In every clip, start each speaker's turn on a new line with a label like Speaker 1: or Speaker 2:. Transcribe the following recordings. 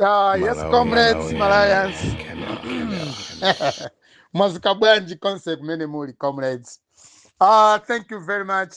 Speaker 1: Ah, yes, comrades, Malayans. Mwazukabwanji concept many more comrades. Ah, thank you very much.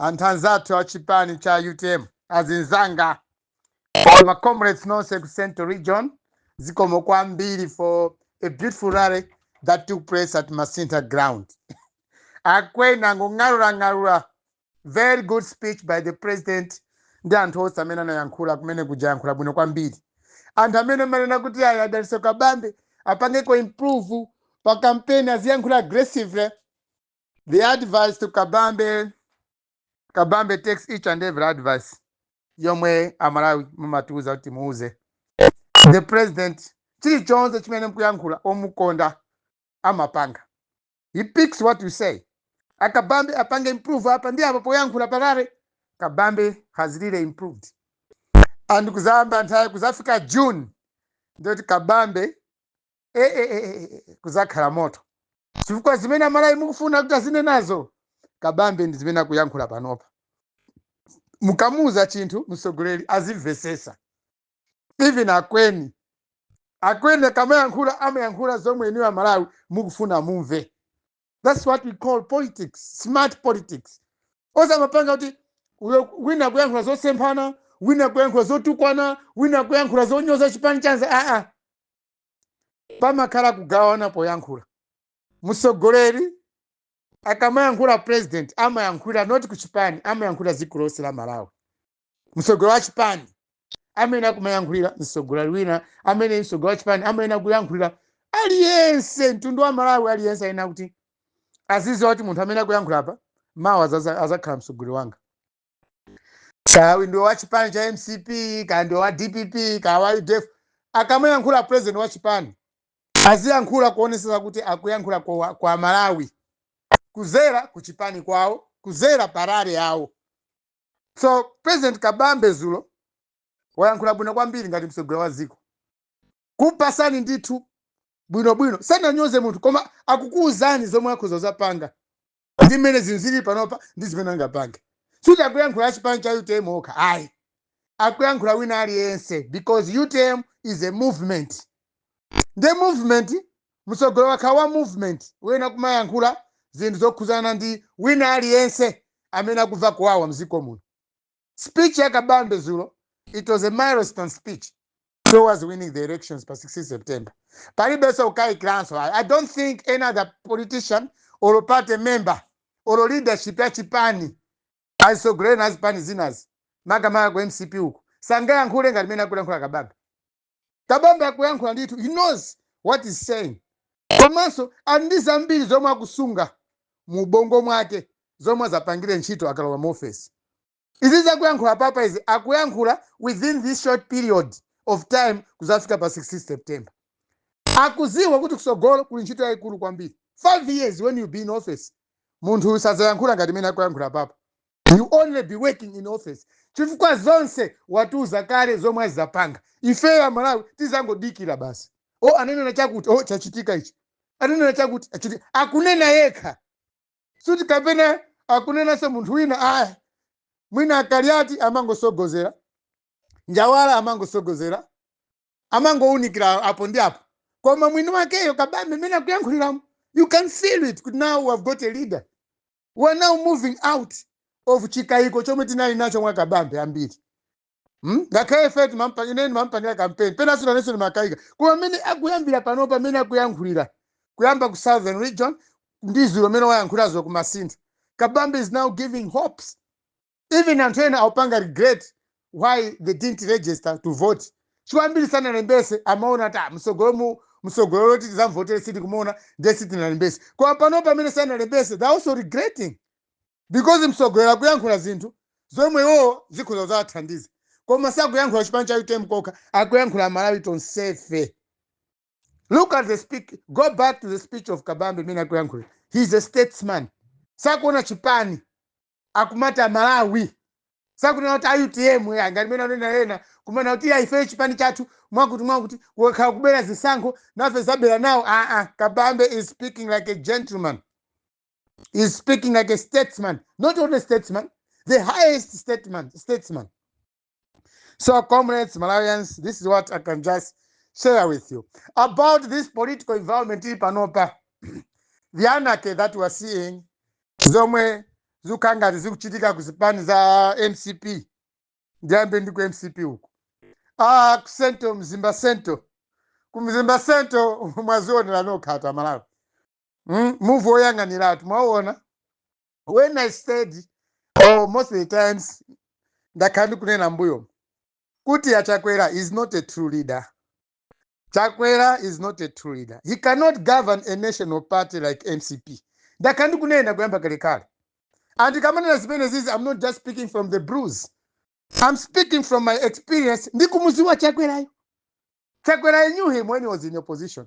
Speaker 1: Antanzato achipani cha UTM Zanga. All my comrades non Central Region ziko mokwa for a beautiful rally that took place at Masinta ground. Akwena ngongarura ngarura very good speech by the president ndi anthu osamena yankula mene kujayankhula bwino kwambiri anthu amene manena kuti ayi adaliso kabambe apangeko improve pa kampeni aziyankhula aggressively the advice to kabambe kabambe takes each and every advice yomwe amalawi mumatiuza kuti muuze the president chilichonse chimene mkuyankhula omukonda amapanga he picks what you say akabambe apange improve apa ndi apo poyankhula parare kabambe has really improved kuzamba ah, nthawi kuzafika june ndoti kabambe eh, eh, eh, kuzakhala moto chifukwa zimene amalayi mukufuna kuti azine nazo kabambe ndi zimene akuyankhula panopa mukamuza chinthu mtsogoleri azimvesesa even akweni akweni kamayankhula amayankhula zomwe iniwo amalawi mukufuna mumve that's what we call politics smart politics osamapanga kuti wina kuyankhula zosemphana winakuyankhula zotukwana winakuyankhula zonyoza chipani chanze aa ah, ah. pamakhala kugawana poyankhula mtsogoleri akamayankhula president amayankhulira noti kuchipani amayankhulira ziko lonse la malawi mtsogolo wachipani amene akumayankhulira mtsogolari wina amene mtsogolo wachipani amayena kuyankhulira aliyense mtundu wa malawi aliyense ayena kuti aziziwa kuti munthu amene akuyankhulapa mawu azakhala mtsogolo wanga kawe ndiwewachipani cha mcp kana wa dpp kana waudef akamayankhula president wachipani aziyankhula kuonesesa kuti akuyankhula kwa, kwa malawi kuzera kuchipani kwawo kuzera parare yawo so president kabambe zulo wayankhula bwino kwambiri ngati msogolero wa dziko kupasani ndithu bwinobwino sananyoze munthu koma akukuwuzani zomwe akhuza zapanga ndi mmene zinziri panopa ndi zimene angapanga suti akuyankhula achipani cha utm okha ayi akuyankhula wina aliyense because utm is a movement nde movement mtsogolo wakha wa movement wena kumayankhula zinthu zokhuzana ndi wina aliyense amene akubva kuwawa mziko muno speech yakabambe zulo it was a milestone speech towards winning the elections pa 16 september palibenso kukayikiranso ayi i don't think any other politician or party member or leadership yachipani zipani azipani zinazi makamaka ku mcp uku sangayankhule ngati mene akulankhula kabaga kabamba akuyankhula ndithu he knows what is saying komanso ali ndi zambiri zomwe akusunga mu bongo mwake zomwe azapangire ntchito akalowa mofes ofesi izi zakuyankhula papa izi akuyankhula within this short period of time kuzafika pa 16 september akuziwa kuti kusogolo kuli ntchito yayikulu kwambiri 5 years when you be in office munthu sazayankhula ngati mene akuyankhula papa you only be working in office chifukwa zonse watiuza kale zomwe azapanga ifeyo amalawi tizangodikira basi o ananena chakuti o chachitika ichi ananena chakuti achitika akunena yekha suti kapena akunenanso munthu wina aya mwina akaliati amangosogozera njawala amangosogozera amangowunikira apo ndi apo koma mwini wakeyo kabambe mmene akuyankhuliramo you can feel it kuti now we have got a leader we are now moving out of chikaiko chomuti nai nacho mwagaba hambeyambiri hmm? ndakae fet inei mamupangira kampeni penasuna nesuna makaika kuva mene akuyambira panopa mene akuyankhulira kuyamba kusouthern region ndizuro mene wayankhulira zo kumasinda kabamba is now giving hopes even anthu ene aupanga regret why they didn't register to vote chiwambirisana nembese amaona kuti ah, msogolo mu msogolo loti tizamvotere siti kumuona ndesiti nalembese koma panopa mene sana lembese they also regretting because msogolera kuyankhula zinthu zomwewo zikhoza zathandiza koma sakuyankhula chipani cha utm koka akuyankhula malawi tonsefe look at the speak go back to the speech of kabambe imene akuyankhula a statesman sakuona chipani akumata malawi sakunena kuti autm yanga limene anenalena kumana kuti aifeyo chipani chathu mwakuti mwakuti wekhala kubera zisankho nafe zabera nawo aa ah, ah, kabambe is speaking like a gentleman is speaking like a statesman, not only a statesman, the highest statesman. statesman. So, comrades, Malawians, this is what I can just share with you about this political environment in Panopa. the anarchy that we are seeing zomwe Zukanga, zikuchitika kuzipani za mcp ndiyambe ku mcp uku ah kusento mzimba sento kumzimba sento mwazionera nokhata malawi Hmm? move oyanganira kuti maona when i stayed oh, most of the times ndakhandi kunena mbuyo kuti yachakwera is not a true leader chakwera is not a true leader he cannot govern a national party like ncp ndakhandi kunena kuyamba kale kale andikamanena zimenezizi i'm not just speaking from the brews i'm speaking from my experience ndikumuziwa chakwerayo chakwera i knew him when he was in opposition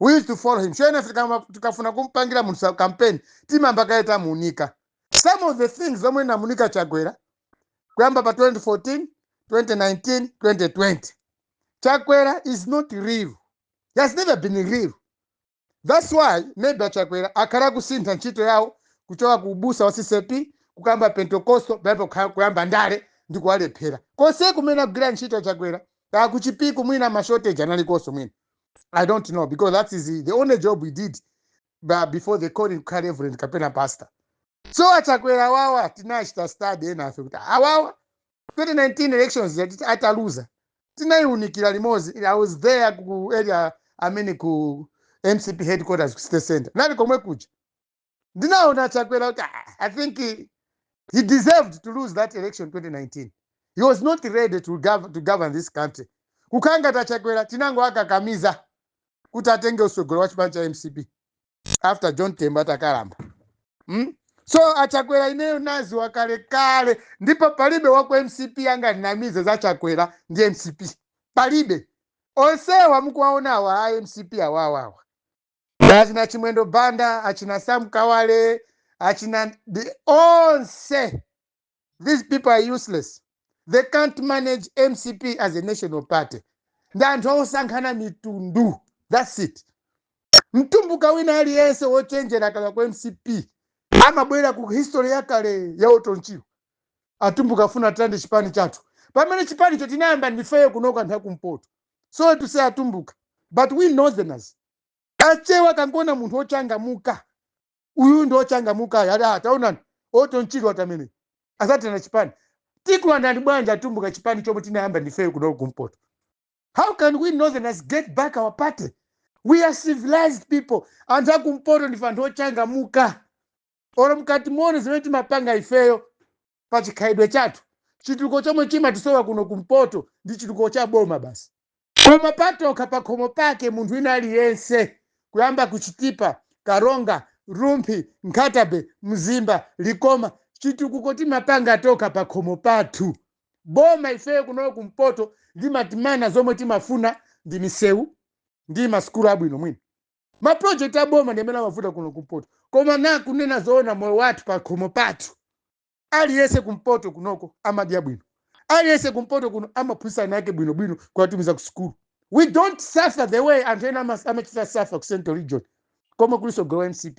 Speaker 1: wish to follow him shoene tikafuna kumupangira munhu kampeni timamba kaita munyika some of the things zomwe namunika chagwera kuyamba pa 2014 2019 2020 chakwera is not real he has never been real thats why maybe achakwera akhala kusintha ntchito yawo kuchoka kubusa wasisepi kukamba pentekosto baipo kuyamba ndale ndikuwalephera kose kumene akugwira ntchito achakwera takuchipiku mwina mashotage analikoso mwina I don't know because that is the, the only job we did but before they called him Karevu and Kapena Pastor. So atakwera wawa tinashita study enafe kuti awawa 2019 elections ataluza tinaiunikira limozi I was there ku area I mean ku MCP headquarters ku state center nali komwe kuja ndinaona chakwera kuti ah, I think he, he deserved to lose that election 2019 he was not ready to, gov to govern this country kukangata chakwera tinango Kamiza. kuti atenge usogoro wachipanu chamcp after john temba takaramba hmm? so achakwera ineyo nazi wakale kale ndipo palibe wakumcp anganamize zachakwera ndi mcp palibe onsewa mukuwaonawa a mcp awawawa achina chimwendo banda achina samkawale achina the onse these people are useless they can't manage mcp as a national party ndi anthu osankhana mitundu thats it mtumbuka wina aliyense wochenjera akala kwa mcp amabwera ku history yakale ya otonchiro atumbuka afuna tande chipani chathu pamene chipanicho tinayamba ndifeyo kunoka nthaku kumpoto. so to say atumbuka but we northerners achewa kangona munthu ochangamuka uyu ndi ochangamuka ali ataonani otonchiro atamene asatena chipani tikulandani bwanja atumbuka chipani chomwe tinayamba ndifeyo kunoka kumpoto how can we northerners get back our party we are civilized people anthu kumpoto ndi fanthu ochangamuka ora mkati mone zimene timapanga ifeyo pa chikhalidwe chathu chituko chomwe chimatisowa kuno kumpoto ndi chituko cha boma basi koma patokha pakhomo pake munthu wina aliyense kuyamba kuchitipa karonga rumphi nkhatabe mzimba likoma chitukuko timapanga tokha pakhomo pathu boma ifeyo kunoyo kumpoto limatimana zomwe timafuna ndi misewu ndi masikulu abwino mwini maprojekti aboma ndi amene amavuta kuno kumpoto koma na kunena zoona moyo wathu pa khomo pathu aliyese kumpoto kunoko amadya bwino aliyese kumpoto kuno amaphulisana yake bwinobwino kuwatumiza ku sukulu we don't suffer the way anthu ena amachita suffer ku central region koma kuliso grow mcp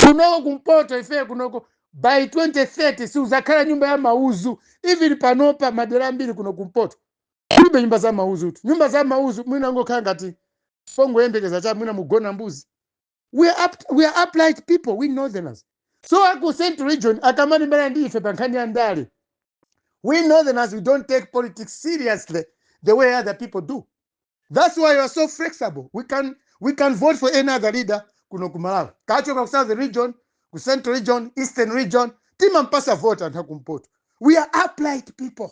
Speaker 1: kunoko kumpoto ifeyo kunoko by 2030 siuzakhala nyumba ya mauzu even panopa madera ambiri kuno kumpoto kulibe nyumba za mauzu nyumba za mauzu mwina mwinangokhala ngati fongoyembekeza athi amina mugona mbuzi we are, up, we are upright people we northerners so akucent region akamani mbera ndiife bankani ya ndale we northerners we don't take politics seriously the way other people do that's why you're so flexible we can we can vote for any other leader kuno kumalawi kachoka ku south region central region eastern region timampasa vote anthu akumpoto we are upright people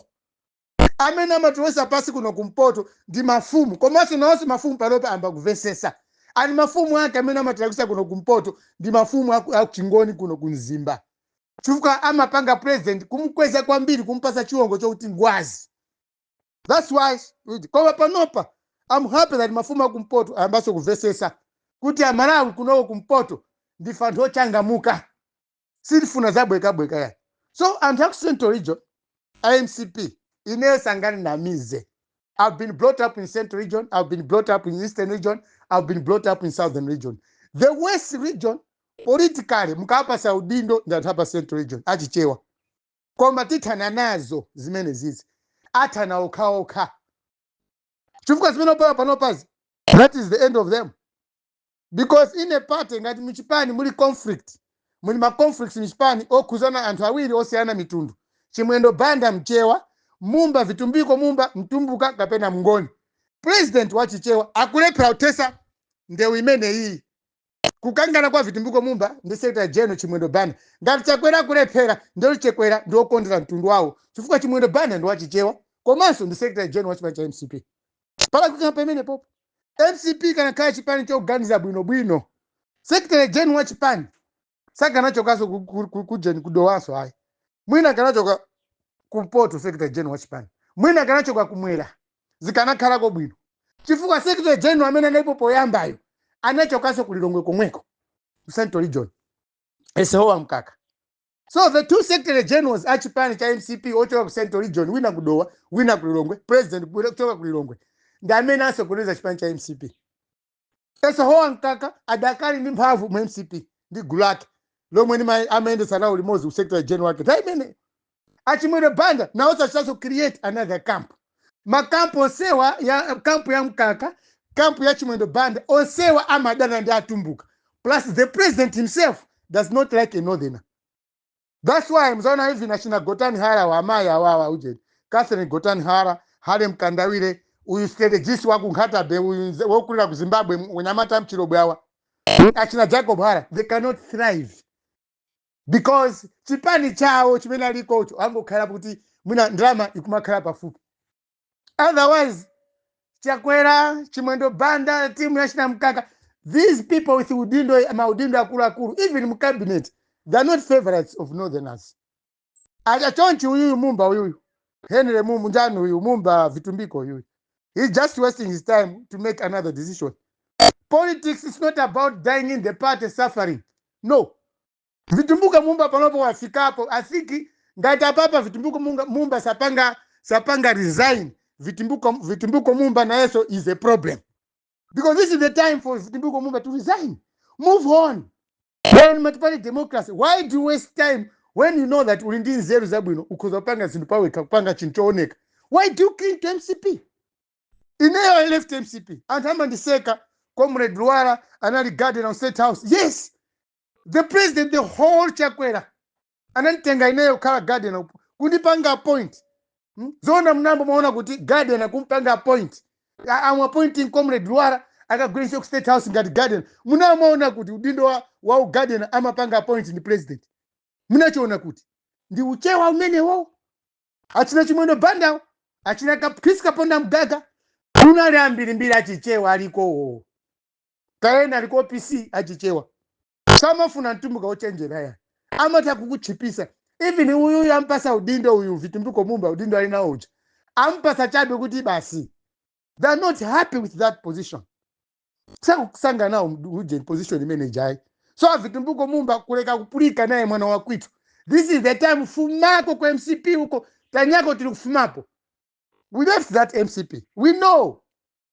Speaker 1: amene amatulonse pasi kuno kumpoto ndi mafumu komanso nawonso mafumu panopa ambakuvesesa ani mafumu ake amene amatulakisa kuno kumpoto ndi mafumu akuchingoni kuno kumzimba chifukwa amapanga president kumkweza kwambiri kumpasa chiwongo chokuti ngwazi that's why koma panopa i'm that mafumu akumpoto ayambanso kuvesesa kuti amalawi kunoko kumpoto ndife anthu ochangamuka sitifuna zabwekabweka so anthu akusentolijo imcp inayosangana na Mize. I've been brought up in Central Region, I've been brought up in Eastern Region, I've been brought up in Southern Region. The West Region politically mkapa saudindo ndatapa Central Region achichewa Kwa matita na nazo zimene zizi athana okhaokha Chufuka zimene opowa panopazi that is the end of them because in a party ngati mchipani muli conflict muli ma maconflict muchipani okhuzana anthu awiri osiyana mitundu chimwendo banda mchewa mumba vitumbiko mumba mtumbuka kapena mngoni president wachichewa akulepera uthesa ndewu imene iyi kukangana kwa vitumbiko mumba ndi secretary general chimwendo bana ngati chakwera akulephera ndelo chekwera mtundu wawo chifukwa chimwendo bana ndi komanso ndi secretary general wa chipani cha mcp palakukana pamene popo mcp kanakhala chipani choganiza bwinobwino secretary general wa chipani sakanachokaso kujeni kudowanso ayi mwina kanachoka kumpoto secretary general wa chipani mwina akanachoka kumwera zikanakhalako bwino chifukwa secretary general amene analipo poyambayo anachokanso kulilongwe komweko ku central region esehowa mkaka so the two secretary generals a chipani cha mcp ochoka ku central region wina kudowa wina kulilongwe president kuchoka kulilongwe ndi amene ansokoneza chipani cha mcp esehowa mkaka adakali ndi mphamvu mu mcp ndi gulu lake lomwe amaendesa nawo limozi ku secretary general wake taimene achimurebhanza nawo zachitazocreate another camp makampu onsewa ya kampu ya mkaka kampu ya chimwendo banda onsewa amadana ndi atumbuka plus the president himself does not like a northerner that's why mzaona even achina gotan hara wamayi awawa uje catherine gotan hara hale mkandawire uyu strategist wakunghatabe uyu wokulira ku zimbabwe wenyamata mchirobwe awa achina jacob hara they cannot thrive because chipani chawo chimene ali kocho angokhala kuti mwina ndalama ikumakhala pafupi otherwise chakwera chimwendo banda timu yachina mkaka these people with udindo maudindo akuluakulu even mcabinet theare not favorites of northerners achonchi uyuyu mumba uyuyu henry mumu njani uyu mumba vitumbiko uyuyu he just wasting his time to make another decision politics is not about dying in the party suffering no vitumbuka mumba panopo wafikapo asiki ngati apapa vitumbuko munga, mumba sapanga sapanga resign vitumbuko vitumbuko mumba na nayeso is a problem because this is the time for vitumbuko mumba to resign move on when matipali democracy why do you waste time when you know that uli ndi nzeru zabwino ukhozapanga zinthu pawekha kupanga chinthu chooneka why do you cling to mcp ineyo i left mcp anthu amandiseka comrade luara anali garden on state house yes the president the whole chakwera anandithengainayo kukhala garden upo kundipanga point hmm? zoona munambo maona kuti garden akumupanga point am appointing comrade lwara akagwiriso kustate house ngati garden muna maona kuti udindo waugarden amapanga point ndi president munachiona kuti ndi uchewa umenewo achina chimwendo bandawo achina kakris kaponda mgaga unali ambirimbiri achichewa alikowo kaena aliko pc achichewa chamafuna ntumbuka uchenjera ya amata kukuchipisa even uyu uyu ampasa udindo uyu vhiti mbikomumba udindo alina uja ampasa chabe kuti basi they are not happy with that position saka kusangana uje position imene jai so avhiti mbikomumba kuleka kupulika naye mwana wakwito this is the time fumako kwa mcp uko tanyako tiri kufumapo we left that mcp we know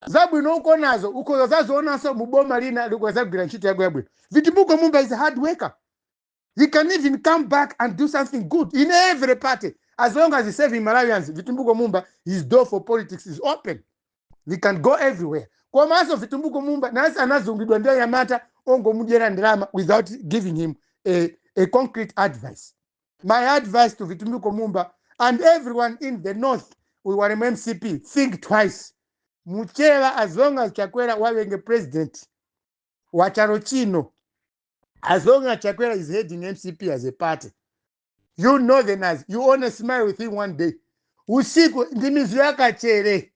Speaker 1: zabwino ukonazo ukhoza zazoonanso muboma lina likwezagwira ntchito yako yabwino vitibuko mumba is a hard worker he can even come back and do something good in every party as long as he's serving malawians vitumbuko mumba his door for politics is open He can go everywhere komanso vitumbuko mumba nansi anazungidwa ndiyo yamata ongomudyera ndalama without giving him a, a concrete advice my advice to vitumbuko mumba and everyone in the north we were mcp think twice Mucheva, as long as Chakwera Wawenge president, Wacharochino, as long as Chakwera is heading MCP as a party, you know the Nazi. You only smile with him one day. Usiku, ndimizu yakachere.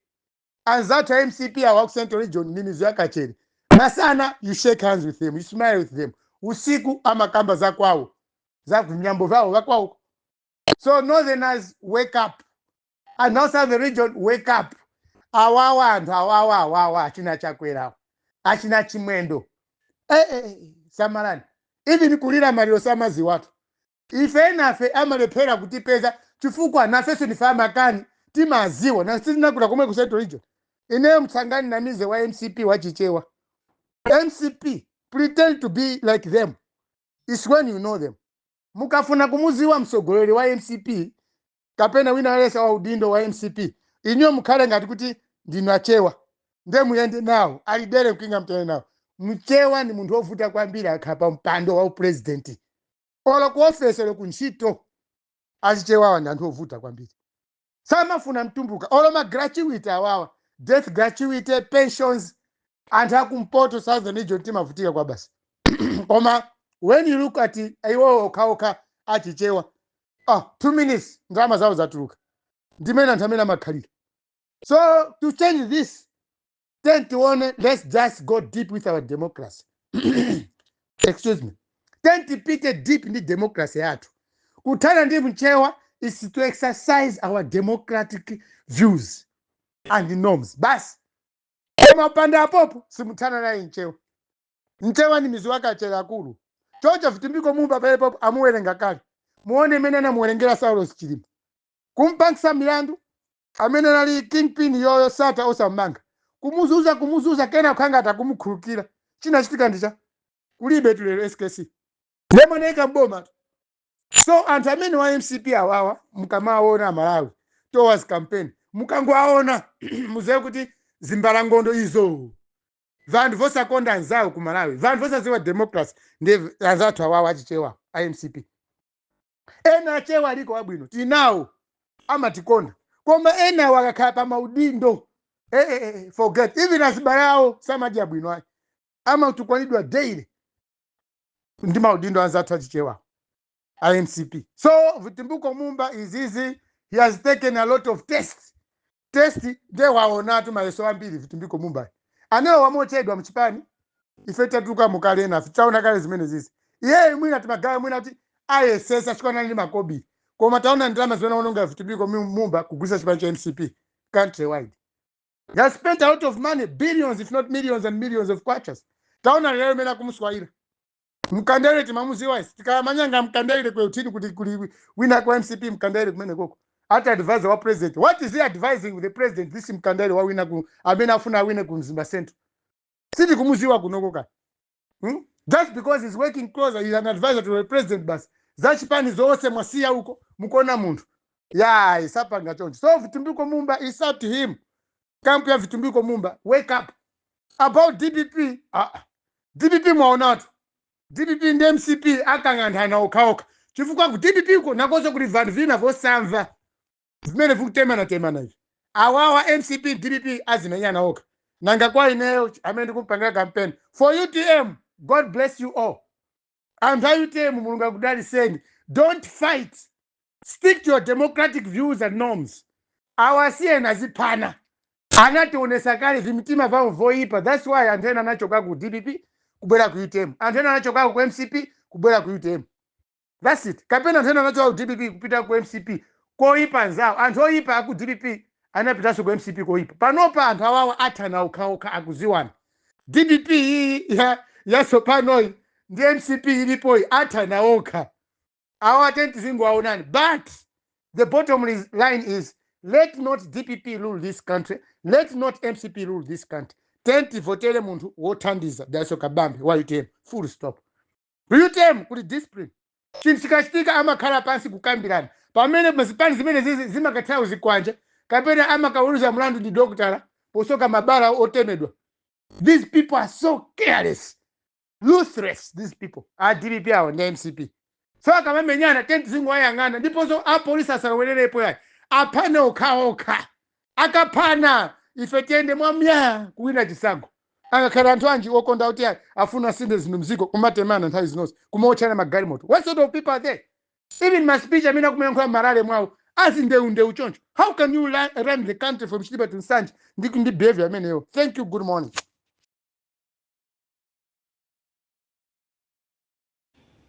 Speaker 1: that MCP hawakusentori region, ndimizu chere. Masana, you shake hands with him. you smile with him. Usiku ama kamba za kwao. Za vinyambo vao, vakwao. So northerners, wake up. And also the region, wake up. awawo anthu awawo awawo achina achina chimwendo ee samalani even kulira maliro samaziwatu ife nafe amalephera kutipeza chifukwa nafenso ndife amakani timaziwa nasitinakuta komwe kuseto lijo ineyo mtsangani na wa mcp wachichewa mcp pretend to be like them is when you know them mukafuna kumuziwa msogoleri wa mcp kapena wina alesa wa udindo wa mcp inyo mukhale ngati kuti ndinachewa ndemuyende nawo alidere mkinga mtene nawo mchewa ni munthu wovuta kwambiri akhapa mpando wa upurezidenti olo kuofesero kuntchito azichewawa ndi anthu ovuta kwambiri samafuna mtumbuka olo magratuwiti awawa death gratuity pensions anthu akumpoto southern region timavutika kwa basi koma when you look at iwowo okhaokha achichewa ah, two minutes ndalama zawo zatuluka ndimene anthu amene amakhalira so to change this then tione let's just go deep with our democracy excuse me then tipite deep ndi democracy yathu kuthana ndi mchewa is to exercise our democratic views and norms bas koma upande apopo simuthana naye mchewa mchewa ni mizi wakachera akulu choncho vitimbiko mumba pale popo amuwerenga kale muone imene anamuwerengera saulos chilimo kumpangisa milandu amene nali kingpin yoyo sata osamanga kumuzuza kumuzuza kena kukhangata kumukhulukira chinachitika ndicha kulibe tulero skc lemoneka mboma so anthu amene wa mcp awawa mukamaona malawi towas campaign mukangoaona muzewe kuti zimbalangondo izo vanthu vosakonda anzawo ku malawi vanthu vosaziwa democracy ndi anzathu awawo achichewa imcp ena achewa aliko wabwino tinawo amatikonda koma ena wakakhala pa maudindo eh, eh, eh, eh forget even asibala yawo samadyi abwino ayi amatukwanidwa daily ndi maudindo anzathu achichewawo imcp so vitimbuko mumba izizi he has taken a lot of tests test nde waonatu mayeso ambiri vitimbiko mumbai anewo wamochedwa mchipani ife tatuka mukalena tichaona kale zimene zizi iyeyi mwina timagawe mwina kuti ayesesa chikwanani makobi koma taona ndalama zimene unonga vitibiko mumba kugwisa chipani cha mcp country wide they spent a lot of money billions if not millions and millions of kwatas taona lero imene akumuswayira mkandaire timamuziwa isi tikamanyanga mkandaire kweutidi kuti kuli wina kwa mcp mkandaire kumene koko ati advisor wa president what is he advising the president this mkandaire wawina ku amene afuna awine ku mzimba central siti kumuziwa kunoko kani hmm? just because he's working closer he's an advisor to the president basi zachipani zose mwasiya uko mukona munthu yayi sapanga choncho so vitumbiko mumba is up to him kampu ya vitumbiko mumba wake up about dpp ah, dpp mwaonatu dpp ndi mcp akang'anthana okhaokha chifukwa ku dpp uko nakonso kuli vanthu vina vosamva vimene vikutemana temana izvi awawa mcp dpp azimenyana okha nanga kwa ineyo amene ndikumpangira kampeni for utm god bless you all anthu aitemu mulungu akudaliseni don't fight stick to your democratic views and norms awasiyeni aziphana anationesa kale zvimitima vavo voipa thats why anthu ena anachoka ku dpp kubwera ku utm anthu ena anachokako ku mcp kubwera ku utm thats it kapena anthu ena anachoka ku dpp kupita ku mcp koipa nzawo anthu oipa aku dpp anapitanso ku mcp koipa panopa anthu awawo athanaukhaukha akuziwana dpp iyi yatsopanoyi ya ndi mcp ilipoyi our okha is atenti zingowaonani but the bottom line is let not dpp rule this country let not mcp rule this country tenti votere munthu wothandiza daso kabambe wa utm full stop utm kuti discipline chinthu chikachitika amakhala pansi kukambirana pamene mazipani zimene zimakathaya uzikwanja kapene amakawuluza mlandu ndi dokotala posoka mabala otemedwa these people are so careless ruthless these people adpp ah, avo ndamcp so akavamhenyana tendisingwayangana ndiposo apolisa sakawelerepo yayo apane ukaoka akapana ife tiende mwamya kuwina chisango angakhala anthu anji okonda kuti afuna sinde zinhu mziko kumatemana nthawi zinonsi kumaotchana magalimoto what sort of people are there even maspeech amene akumayankhula marale mwawo azi ndeundeu choncho how can you run the country from chitiba to nsanji ndi behavior amenewo thank you good morning